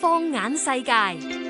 放眼世界。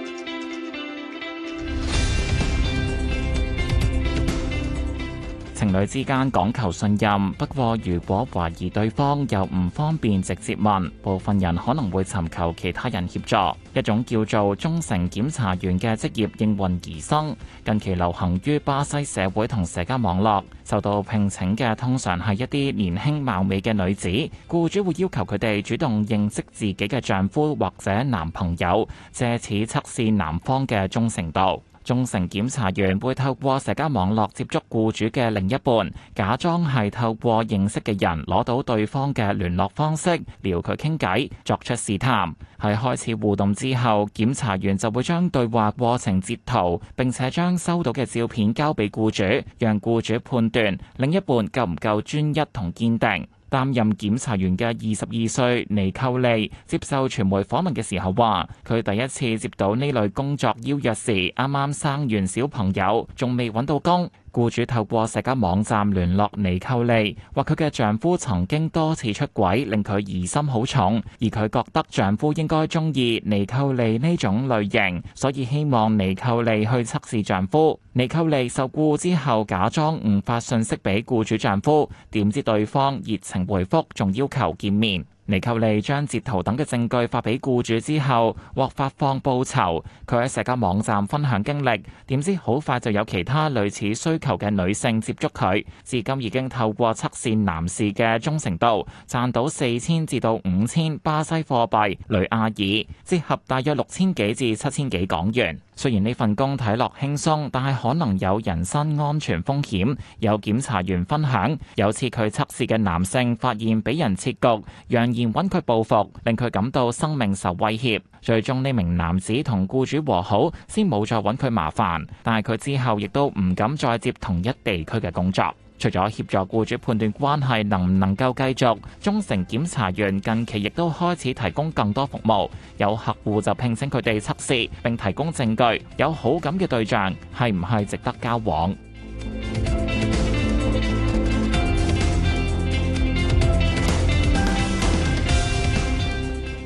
情侶之間講求信任，不過如果懷疑對方又唔方便直接問，部分人可能會尋求其他人協助。一種叫做忠誠檢查員嘅職業應運而生，近期流行於巴西社會同社交網絡。受到聘請嘅通常係一啲年輕貌美嘅女子，僱主會要求佢哋主動認識自己嘅丈夫或者男朋友，借此測試男方嘅忠誠度。忠誠檢查員會透過社交網絡接觸僱主嘅另一半，假裝係透過認識嘅人攞到對方嘅聯絡方式，撩佢傾偈，作出試探，喺開始互動之後，檢查員就會將對話過程截圖，並且將收到嘅照片交俾僱主，讓僱主判斷另一半夠唔夠專一同堅定。擔任檢查員嘅二十二歲尼寇利接受傳媒訪問嘅時候話，佢第一次接到呢類工作邀約時，啱啱生完小朋友，仲未揾到工。雇主透過社交網站聯絡尼寇利，話佢嘅丈夫曾經多次出軌，令佢疑心好重。而佢覺得丈夫應該中意尼寇利呢種類型，所以希望尼寇利去測試丈夫。尼寇利受雇之後，假裝唔發信息俾雇主丈夫，點知對方熱情回覆，仲要求見面。尼寇利將截圖等嘅證據發俾雇主之後，獲發放報酬。佢喺社交網站分享經歷，點知好快就有其他類似需求嘅女性接觸佢。至今已經透過測試男士嘅忠誠度，賺到四千至到五千巴西貨幣雷亞爾，折合大約六千幾至七千幾港元。雖然呢份工睇落輕鬆，但係可能有人身安全風險。有檢查員分享，有次佢測試嘅男性發現俾人設局，讓然揾佢報復，令佢感到生命受威脅。最終呢名男子同雇主和好，先冇再揾佢麻煩。但係佢之後亦都唔敢再接同一地區嘅工作。除咗協助僱主判斷關係能唔能夠繼續，忠誠檢查員近期亦都開始提供更多服務。有客戶就聘請佢哋測試並提供證據，有好感嘅對象係唔係值得交往？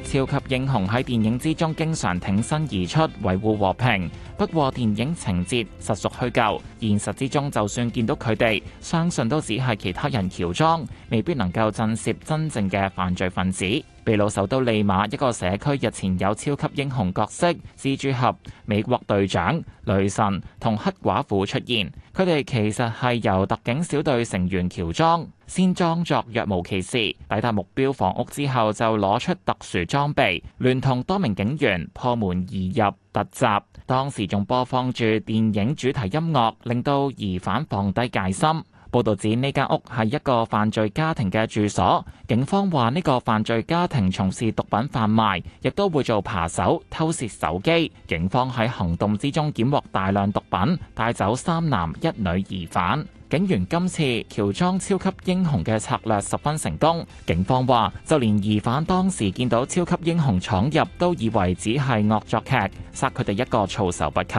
超級英雄喺電影之中經常挺身而出維護和平，不過電影情節實屬虛構，現實之中就算見到佢哋，相信都只係其他人喬裝，未必能夠震懾真正嘅犯罪分子。秘魯首都利馬一個社區日前有超級英雄角色蜘蛛俠、美國隊長、雷神同黑寡婦出現，佢哋其實係由特警小隊成員喬裝。先裝作若無其事，抵達目標房屋之後，就攞出特殊裝備，聯同多名警員破門而入突襲。當時仲播放住電影主題音樂，令到疑犯放低戒心。報道指呢間屋係一個犯罪家庭嘅住所。警方話呢個犯罪家庭從事毒品販賣，亦都會做扒手偷竊手機。警方喺行動之中檢獲大量毒品，帶走三男一女疑犯。警員今次喬裝超級英雄嘅策略十分成功，警方話就連疑犯當時見到超級英雄闖入，都以為只係惡作劇，殺佢哋一個措手不及。